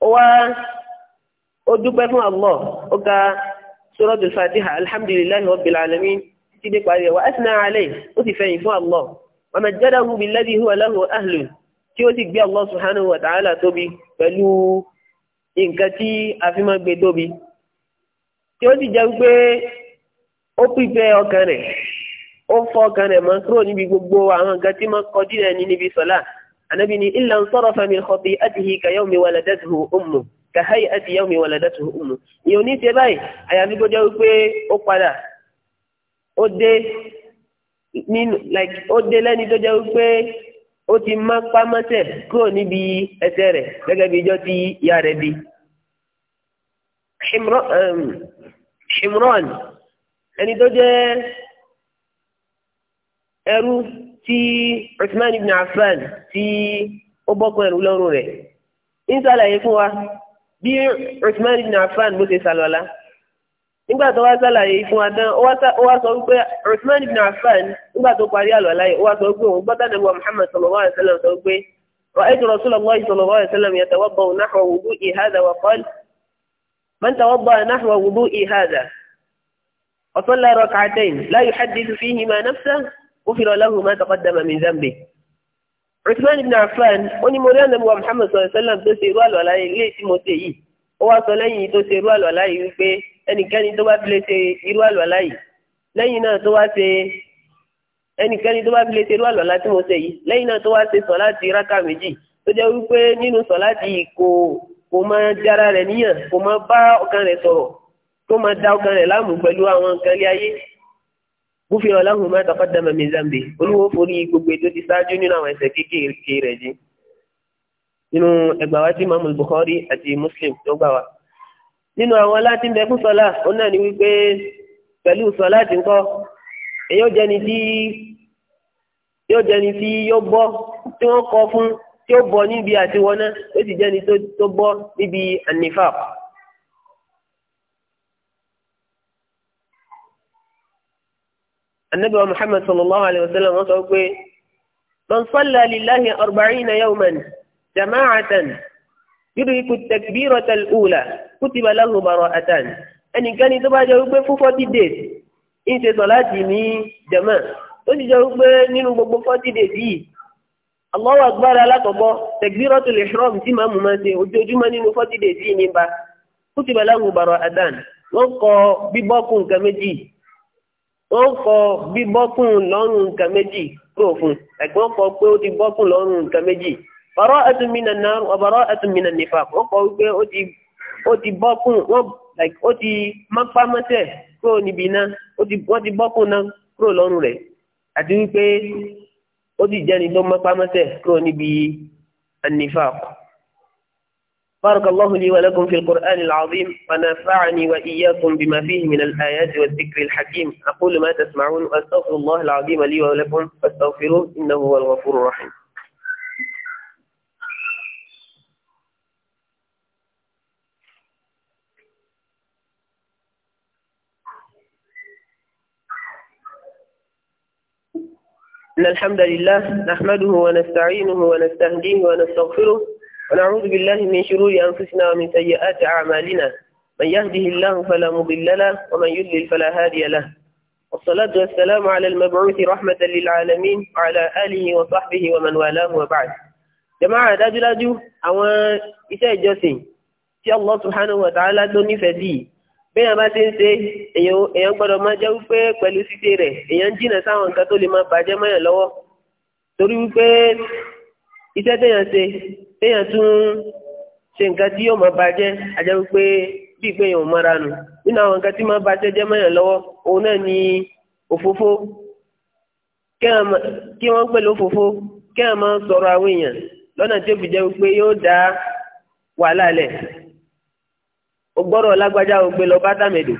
ó wá ó dúpẹ́ fún Allah ó ka suratul fatiha alhamdulillahi rabbil alamin ti dé parí ẹ̀ wá asna alayhi ó ti fẹ̀yìn fún Allah wa majjadahu billadhi huwa lahu ahlu tí ó ti gbé Allah subhanahu wa ta'ala tóbi pẹ̀lú nǹkan tí a fi máa gbé tóbi tí ó ti jẹ́ pé ó pípẹ́ ọkàn rẹ̀ ó fọ́ ọkàn rẹ̀ mọ́ kúrò níbi gbogbo àwọn nǹkan tí wọ́n kọjú rẹ̀ ní níbi sọ́lá ànábì ní ilà ń sọ̀rọ̀ fami kọ̀bí àtìhí kàyọ́mi wà lẹ́dẹ́tù ọmọ kàháyì àti yọ́mi wà lẹ́dẹ́tù ọmọ ìyẹn ní ṣe báyìí àyàfi kó wípé ó padà ó dé nínú like ó dé lẹ́ni tó jẹ́ wípé ó ti má pámọ́sẹ̀ kúrò níbi ẹsẹ̀ rẹ̀ gẹ́gẹ́ bí ijọ́ tí ìyá rẹ̀ bí. Um, ẹni tó jẹ́ ẹrú tí Uthman ibn Afan tí ó bọ́kọ̀ ẹrú lọ́rùn rẹ̀ ń sàlàyé fún wa bí Uthman ibn Affan bó ṣe sàlọ́lá nígbà tó wá fún wa tán ó wá sọ wípé ibn Affan nígbà tó parí àlọ́lá yìí ó wá sọ wípé òun gbọ́dọ̀ nàbọ̀ Muhammad sallallahu alaihi sọ wípé رأيت رسول الله صلى الله عليه وسلم يتوضأ نحو هذا وقال من توضأ نحو هذا وصلى ركعتين لا يحدث فيهما نفسه غفر له ما تقدم من ذنبه Uthman ibn Affan ó ní mo rí ànábì wa Muhammad sallallahu alaihi wasallam tó ṣe irú àlọ́ àlàyé ilé tí mo ṣe yìí ó wá sọ lẹ́yìn tó ṣe irú àlọ́ àlàyé wípé ẹnikẹ́ni tó bá fi lè ṣe irú àlọ́ àlàyé lẹ́yìn náà tó wá ṣe ẹnikẹ́ni tó bá fi lè ṣe irú àlọ́ àlàyé tí mo ṣe yìí lẹ́yìn náà tó wá ṣe sọ láti rákà méjì tó jẹ́ wípé nínú sọ láti kò kò mọ jára rẹ̀ níyàn kò mọ bá ọkàn rẹ̀ sọ̀rọ̀ tó máa dá ọkàn rẹ̀ láàmú pẹ̀lú àwọn nǹkan ilé ayé gúfin ọlọ́run máa tọ́kọ́ dá mẹ́mí zambi olúwo forí gbogbo ètò ti ṣáájú nínú àwọn ẹsẹ̀ kéékèèké rẹ̀ jẹ́ nínú ẹgbà wá sí mamul Bukhari àti Muslim tó gbà wá nínú àwọn láti bẹ fún sọlá òun náà ni wípé pẹ̀lú sọlá ti ń kọ́ èyí ó jẹni tí yóò jẹni tí yóò bọ́ tí wọ́n kọ fún tí ó bọ́ níbi àtiwọ́ná ó sì jẹni tó bọ́ níbi anifaq النبي محمد صلى الله عليه وسلم وصحبه من صلى لله أربعين يوما جماعة يدرك التكبيرة الأولى كتب له براءتان أن كان تبع جوابه في 40 days إن صلاتي مي جماعة تجي جوابه نينو بقى 40 الله يي Allahu Akbar alákọ̀ọ́bọ́ takbiratul ihram tí màmú máa ṣe ojoojúmọ́ nínú forty days yìí ní bá kutiba ó fọ bí bọ́kùn lọ́rùn nǹkan méjì kúrò fún ẹ̀gbọ́n fọ pé ó ti bọ́kùn lọ́rùn nǹkan méjì ọ̀rọ̀ ẹ̀tún mi ọ̀bọ̀rọ̀ ẹ̀tún mi ó fọ wípé ó ti bọ́kùn ó ti mọ́pámọ́sẹ̀ kúrò níbi iná wọ́n ti bọ́kùn náà kúrò بارك الله لي ولكم في القرآن العظيم ونفعني وإياكم بما فيه من الآيات والذكر الحكيم أقول ما تسمعون وأستغفر الله العظيم لي ولكم فاستغفروه إنه هو الغفور الرحيم إن الحمد لله نحمده ونستعينه ونستهديه ونستغفره ونعوذ بالله من شرور أنفسنا ومن سيئات أعمالنا من يهده الله فلا مضل له ومن يضلل فلا هادي له والصلاة والسلام على المبعوث رحمة للعالمين وعلى آله وصحبه ومن والاه وبعد جماعة dájúdájú àwọn iṣẹ́ ìjọsìn tí Allah subhanahu wa ta'ala ló nífẹ̀ẹ́ bí bẹ́ẹ̀ yẹn bá ti ń ṣe èèyàn gbọ́dọ̀ máa jẹ́ wípé pẹ̀lú ṣíṣe rẹ̀ èèyàn jìnà sáwọn nǹkan tó lè máa bàjẹ́ mọ́yàn lọ́wọ́ torí wípé iṣẹ́ téèyàn ṣe téèyàn tún ṣe nǹkan tí yóò máa bàjẹ́ àjẹ́ wípé bí ìpè yẹn ò mọ́ra nù nínú àwọn nǹkan tí máa bàjẹ́ jẹ́ mọ́yàn lọ́wọ́ òun náà ni òfófó kí wọ́n pẹ̀lú òfófó kí wọ́n máa sọ̀rọ̀ àwọn èèyàn lọ́nà tí ó fi jẹ́ wípé yóò dá wàhálà lẹ̀ o gbọ́dọ̀ lágbájá o gbé lọ bá tàmẹ̀dò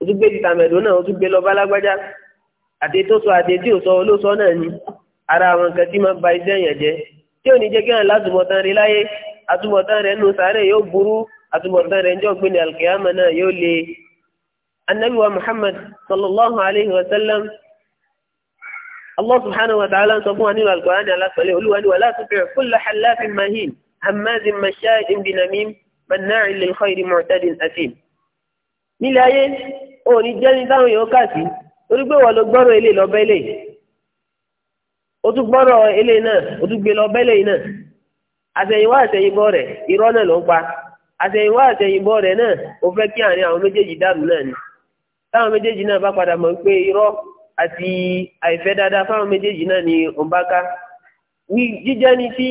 o tún gbé ti tàmẹ̀dò náà o tún gbé lọ bá lágbájá àti tó sọ àti tí ò sọ olóòsọ náà ni ara àwọn nǹkan tí máa ba iṣẹ́ yẹn jẹ́ tí ò ní jẹ́ kí hàn látúbọ̀tán rẹ̀ láyé àtúbọ̀tán rẹ̀ nù sàárẹ̀ yóò burú àtúbọ̀tán rẹ̀ njọ́ gbé ní alkiyama náà yóò le. anabi wa muhammad sallallahu alayhi wa sallam allah subhanahu wa ta'ala sọ fún wa nínú alukóran ní alákọ̀ọ́lẹ̀ olúwa ni wà látúbẹ̀ kulla halafin mahin hamazin masha'in binamim manna'in lil khayri mu'tadin nílẹ̀ ayé òní jẹ́ni táwọn èèyàn kà sí torí pé wọ́n lọ gbọ́rọ̀ ilé lọ́bẹ̀ ilé ó tún gbọ́dọ̀ eléyìí náà ó tún gbé lọ bẹ́lẹ̀ yìí náà àtẹ̀yìnwá àtẹ̀yìnbọ̀ rẹ̀ irọ́ náà ló ń pa àtẹ̀yìnwá àtẹ̀yìnbọ̀ rẹ̀ náà ó fẹ́ kí àárín àwọn méjèèjì dàrú náà ni táwọn méjèèjì náà bá padà mọ̀ pé irọ́ àti àìfẹ́ dáadáa fáwọn méjèèjì náà ni òun bá ká jíjẹ́ ni tí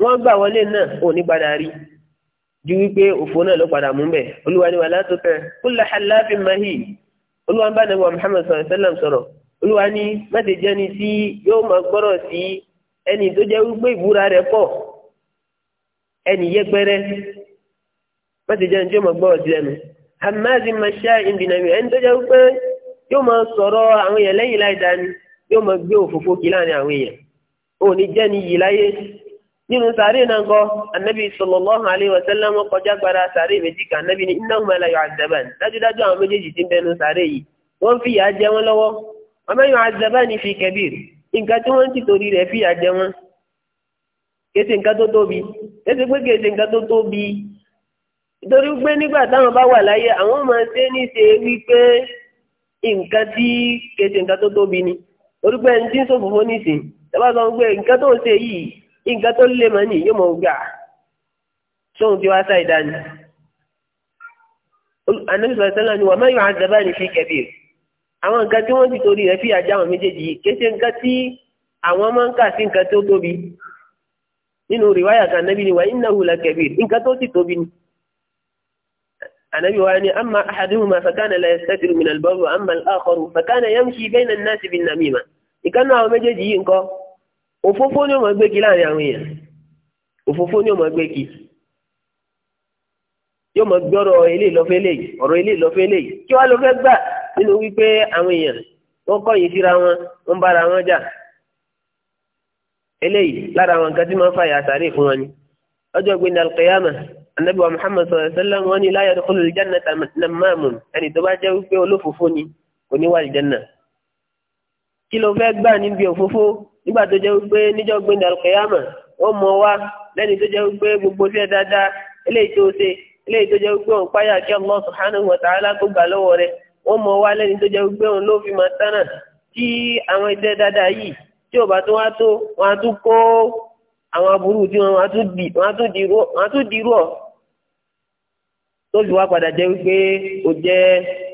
wọ́n gbà wọlé náà ò ní padà rí ju wípé òfò náà ló padà mú bẹ̀ olúwa ni wàhálà tó olúwa ní mẹ́tẹ̀ jẹ́ni sí yóò máa gbọ́rọ̀ sí ẹni tó jẹ́ wípé ìbúra rẹ̀ pọ̀ ẹni yẹpẹrẹ mẹ́tẹ̀ jẹ́ni tí yóò máa gbọ́rọ̀ sí ẹnu hamazin masha indinami ẹni tó jẹ́ wípé yóò máa sọ̀rọ̀ àwọn èèyàn lẹ́yìn láì dání yóò máa gbé òfófó kí láàrin àwọn èèyàn òun ní jẹ́ni yìí láyé nínú sàárè náà kọ anabi sallallahu alaihi wa sallam kọjá gbára sàárè méjì kan anabi ní innahuma la yu'adzaban dájúdájú àwọn méjèèjì ti ń bẹnu sàárè yìí wọ́n fi ìyà jẹ wọ́n lọ́wọ́ ọmọ yìí wọn azẹbá ní fi kẹbíir nǹkan tí wọn ti torí rẹ̀ fìyà jẹ wọn kése nǹkan tó tóbi kése pé kése nǹkan tó tóbi nítorí pé nígbà táwọn bá wà láyé àwọn máa ṣe ní ṣe wípé nǹkan tí kése nǹkan tó tóbi ni orúkọ ẹni tí ń ṣòfófó nísìn tẹ́lá sọ pé nǹkan tó ń ṣe yìí nǹkan tó lè mọ́ nìyí yóò mọ̀ gbà sóhun tí wàá ṣàìdá ni. àníbi sọ̀rọ̀ sẹ́lá ni wàá má yọ àzẹ́bá ní fi kẹbíir àwọn nǹkan tí wọ́n ti torí rẹ̀ fìyà já àwọn méjèèjì yìí kéṣe nǹkan tí àwọn máa ń kà sí nǹkan tó tóbi nínú rìwáyà kan anábì ni wà innahu lakabir nǹkan tó sì tóbi ni. anábì wa ni amma ahaduhuma fakana la yastatiru min al-barr wa amma al-akharu fakana yamshi bayna an-nasi bin àwọn méjèèjì yìí nǹkan òfófó ni ó máa gbé kí láàrin àwọn èèyàn òfófó ni ó máa gbé kí yóò máa gbọ́rọ̀ eléyìí lọ́fẹ́ eléyìí ọ̀rọ̀ eléyìí lọ́fẹ́ eléyìí kí wàá lọ́fẹ́ gbà nínú wípé àwọn èèyàn wọ́n kọ̀yìn síra wọn wọ́n bára wọn jà eléyìí lára àwọn nǹkan tí wọ́n fàyà sáré fún wọn ni ọjọ́ gbé ní alqiyama anabi wa muhammad sallallahu alaihi wa sallam wọ́n ní la yadkhulul jannata nammamun ẹni tó bá ni kò ní wà aljanna kí ló fẹ́ gbà níbi òfófó nígbà tó jẹ́ wípé níjọ́ gbé lẹ́ni tó jẹ́ wípé gbogbo sí ẹ dáadáa eléyìí tó ṣe eléyìí wọ́n ma wá lẹ́ni tó jẹ́ gbé òun ló fi máa tánà tí àwọn ẹgbẹ́ dáadáa yìí tí ò bá tó wá tó wọ́n á tún kó àwọn aburú tí wọ́n á tún dirú ọ̀ tó fi wá padà jẹ́ wípé jẹ́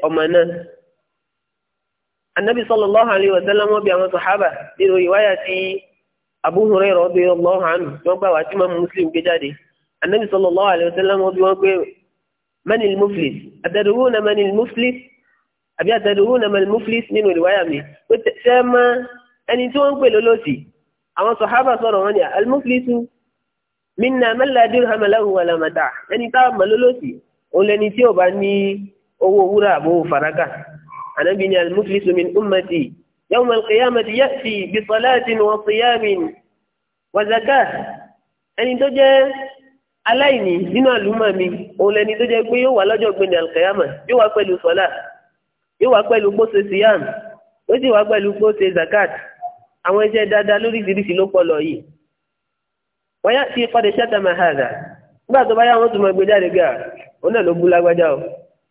ọmọ náà. Anabi sallallahu alayhi wa sallam wọ́n bi àwọn sàhábà nínú ìwáyà sí Abu Hurairah radiyallahu tí wọ́n gbà wá tí máa Muslim gbé jáde. Anabi sallallahu alayhi wa sallam manil àbí àtẹ̀lóhùn náà mẹ́rin muflis nínú ìwáyà mi pé ṣe é mọ́ ẹni tí wọ́n ń pè lólòsì àwọn sọ̀hábà sọ̀rọ̀ wọn ni almuflisu minna man la dirham lahu wala mata ẹni táwọn mọ̀ lólòsì òun lẹni tí ò bá ní owó wúrà àbò fàrákà ànábì ni almuflisu min ummati yawma alqiyamati ya'ti bi salatin wa siyamin wa zakah ẹni tó jẹ́ aláìní nínú àlùmọ̀ mi òun lẹni tó jẹ́ pé yóò wà lọ́jọ́ gbẹ̀dẹ̀ alqiyama yóò wà pẹ̀lú sọ́lá yóò wá pẹ̀lú bó ṣe siyam ó sì wá pẹ̀lú bó zakat àwọn iṣẹ́ dáadáa lóríṣiríṣi ló pọ̀ lọ yìí wọ́n yá sí ìpàdé ṣáta mahada nígbà tó bá yá wọn tún mọ gbẹjà rẹ gbà òun náà ló bú lágbájá o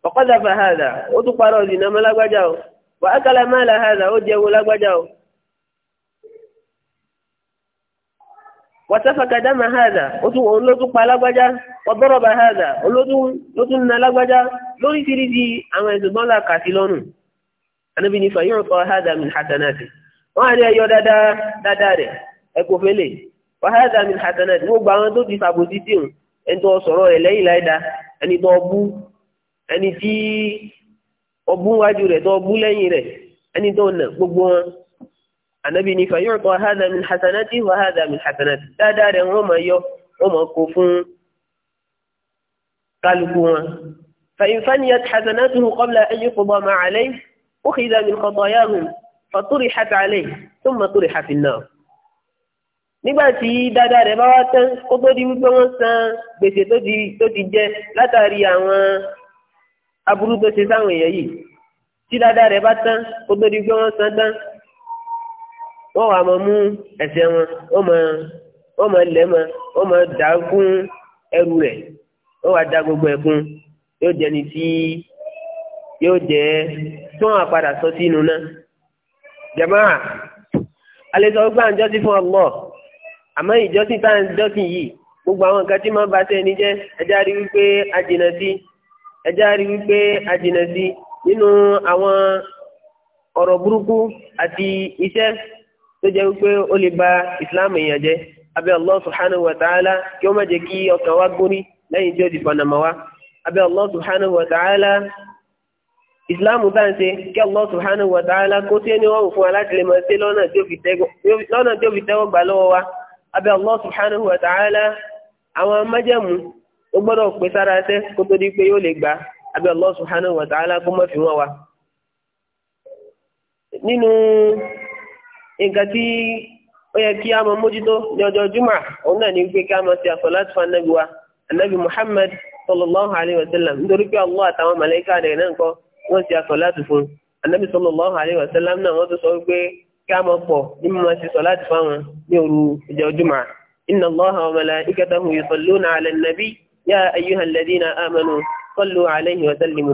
ọ̀kọ́dà fahada ó tún parọ́ ọ̀dìnàmọ́ lágbájá o wàhákàlà máàlà hada ó jẹ́ wo lágbájá o wàtẹ́fàkà dáma hàdà olótún pa alágbájá ọbọ̀rọ̀bà hàdà olótún na alágbájá lórí fìrídì àwọn ẹ̀sùn bọ́n là kàtí lọ́nù anábì ní fàyọ̀ sọ hàdà min hasanati wọ́n á rí ẹyọ dáadáa rẹ̀ ẹ̀kọ́ fẹ́lẹ̀ wà hàdà min hasanati gbogbo àwọn tó ti fàbò sí tíun ẹni tó sọ̀rọ̀ rẹ̀ lẹ́yìn láìda ẹni tó bú ẹni tí ọbú wájú rẹ̀ tó bú lẹ́yìn rẹ̀ ẹni tó nà gbogbo wọn ànábì ní fàyọ̀tọ̀ hadha min hasanati wa hadha min hasanati dáadáa rẹ̀ wọ́n máa yọ wọ́n máa kó fún kálukú wọn. فإن فنيت حسناته قبل أن يقضى ما عليه أخذ من خطاياهم فطرحت عليه ثم طرح في النار nígbà tí dáadáa rẹ̀ bá wá tán kó tó di wípé wọ́n san gbèsè tó ti tó ti jẹ látàrí àwọn aburú tó ṣe sáwọn èèyàn yìí tí dáadáa rẹ̀ bá tán kó tó di wípé wọ́n san tán wọ́n wà máa mú ẹsẹ̀ wọn wọ́n máa wọ́n máa lẹ̀ mọ́ wọ́n ẹrù rẹ̀ wọ́n wà da gbogbo ẹ̀ yóò jẹ́ ni tí yóò jẹ́ tí wọ́n sọ náà. jamaa alẹ́sọ̀ gbà ń fún gbogbo àwọn nǹkan tí máa ń ba sẹ́ni jẹ́ wípé sí wípé tó jẹ́ wípé ó lè ba ìsìláàmù èèyàn jẹ́ abẹ́ Allah subhanahu wa ta'ala kí ó má jẹ́ kí ọkàn wa gbórí lẹ́yìn tí ó di panama wa abẹ́ Allah wa ta'ala ìsìláàmù bá ń ṣe kí Allah subhanahu wa kó tí wọ́n fún wa láti lè lọ́nà tí ó fi tẹ́wọ́ gbà lọ́wọ́ wa àwọn májẹ̀mú ó gbọ́dọ̀ sára nǹkan tí ó yẹ kí a máa mójútó ní ọjọ́ jùmọ̀ òun náà ní wípé kí a máa ṣe àsàlátù fún anábì wa anábì muhammad sallallahu alayhi wa sallam nítorí pé allah àtàwọn màláíkà rẹ̀ náà nǹkan wọ́n ṣe àsàlátù fún anábì sallallahu alayhi wa sallam náà wọ́n tó sọ wípé kí a máa pọ̀ ní mímọ́ ṣe àsàlátù fáwọn ní òru ọjọ́ jùmọ̀ inna allaha wa malaikatahu yusalluna ala nabi ya ayyuhalladhina amanu sallu alayhi wa sallimu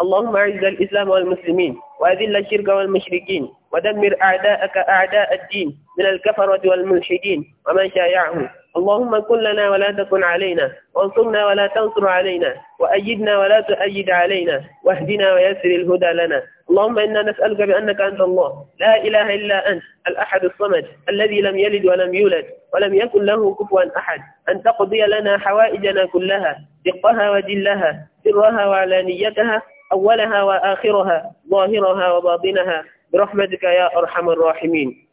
اللهم أعز الإسلام والمسلمين وأذل الشرك والمشركين ودمر أعداءك أعداء الدين من الكفرة والملحدين ومن شايعهم اللهم كن لنا ولا تكن علينا وانصرنا ولا تنصر علينا وأيدنا ولا تؤيد علينا واهدنا ويسر الهدى لنا اللهم إنا نسألك بأنك أنت الله لا إله إلا أنت الأحد الصمد الذي لم يلد ولم يولد ولم يكن له كفوا أحد أن تقضي لنا حوائجنا كلها دقها وجلها سرها وعلانيتها أولها وآخرها ظاهرها وباطنها برحمتك يا أرحم الراحمين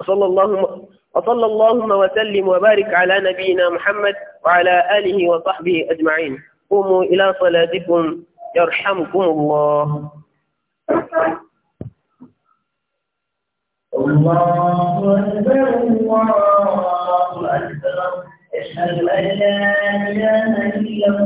وصلى اللهم وصلى اللهم وسلم وبارك على نبينا محمد وعلى آله وصحبه أجمعين قوموا إلى صلاتكم يرحمكم الله الله أكبر الله أكبر أشهد أن لا إله إلا الله